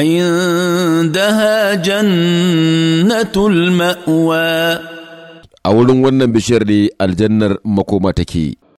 عندها جنة المأوى a wurin wannan bishiyar ne aljannar makoma take